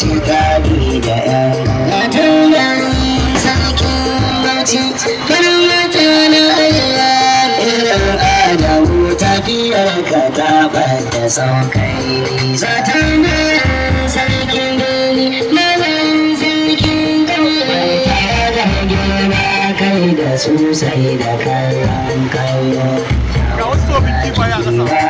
ci da ƴaƴa. Matan yayi sarkin bauchi, farin mata na Allah irin Adamu tafiyar ka ta ɓata saukai. Zata na sarkin sarkin da girma kai da da kallon a ƙasa.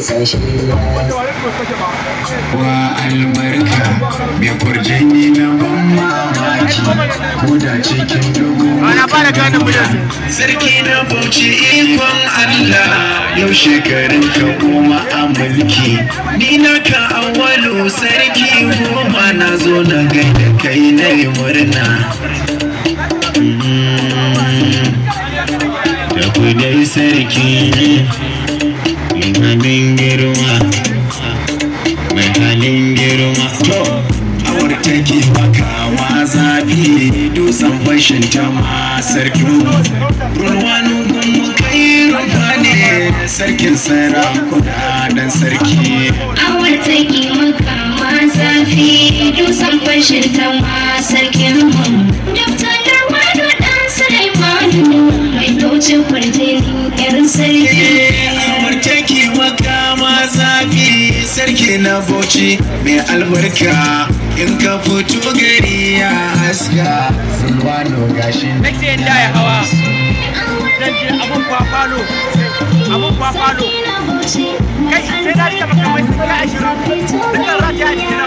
wa albarka mai kurjini na mamaki ko da cikin dogon sarki na bauchi ikon allah yau shekarun ka goma a mulki ni na ka awalu sarki goma na zo na gaida kai na yi murna mm-hmm. da kudai sarki dutsen bashin jama sarki. ruwanin gungu kai rumfa ne sarkin sarakuna dan sarki A take maka ma zafi dutsen bashin jama sarkin mu daftar da wani dan sulaimanu mai dauce kwarjeli yar sarki eh, awar take maka ma zafi sarki na bauchi mai albarka in ka fito gari ya haska silvano gashi na ce da ya hawa zan je abun kwafalo abun kwafalo kai sai na rika maka mai suka ashirin dukkan rata ya jikina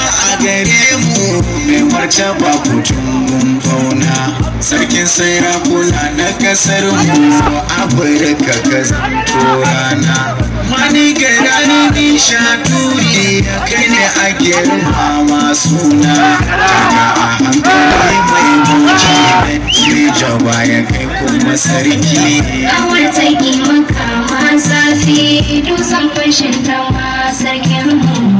a gare mu mai martaba kutun mun fauna sarkin sarakuna na kasar mu bari ka zanto rana mani garani ni shaturi da kai ne a ma masu na a hankali mai muci sai jaba ya kai kuma sarki kawai duk zan fashin tawa sarkin mu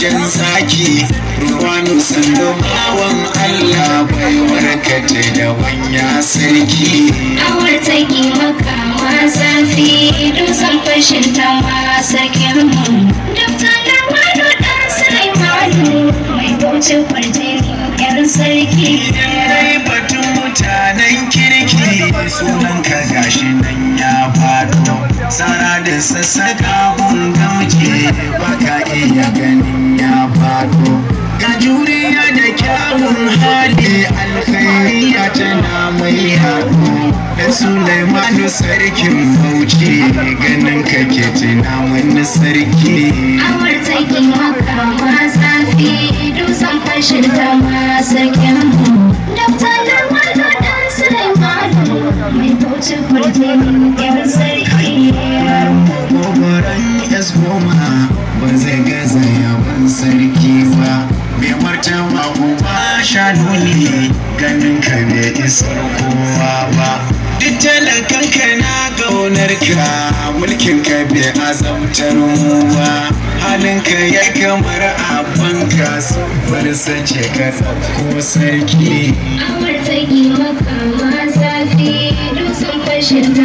jan saki ruwanu sannu bawan Allah bai warkata da wanya sarki awar take makama zafi dusan fashin ta ma Duk mu da wani dan sulaimanu mai bauce kwarje yar sarki idan batun mutanen kirki sunan ka gashi nan ya fado tsara da sassaka hundu sako ga juriya da kyawun hali alkhairi alkhairiya tana mai haɗu da sulaimanu sarkin bauchi ganin ka kake tuna wani sarki awar takin maka masafi dusan fashin ta masakin mu daftalar wani dan sulaimanu mai bauchi kurdin yar sarki Gobaran ya goma ba zai gaza mulkin ka bai azabtar mu ba halinka ya kamar abin ka bar sace ka ko sarki awar ta maka ma zafi dusan fashin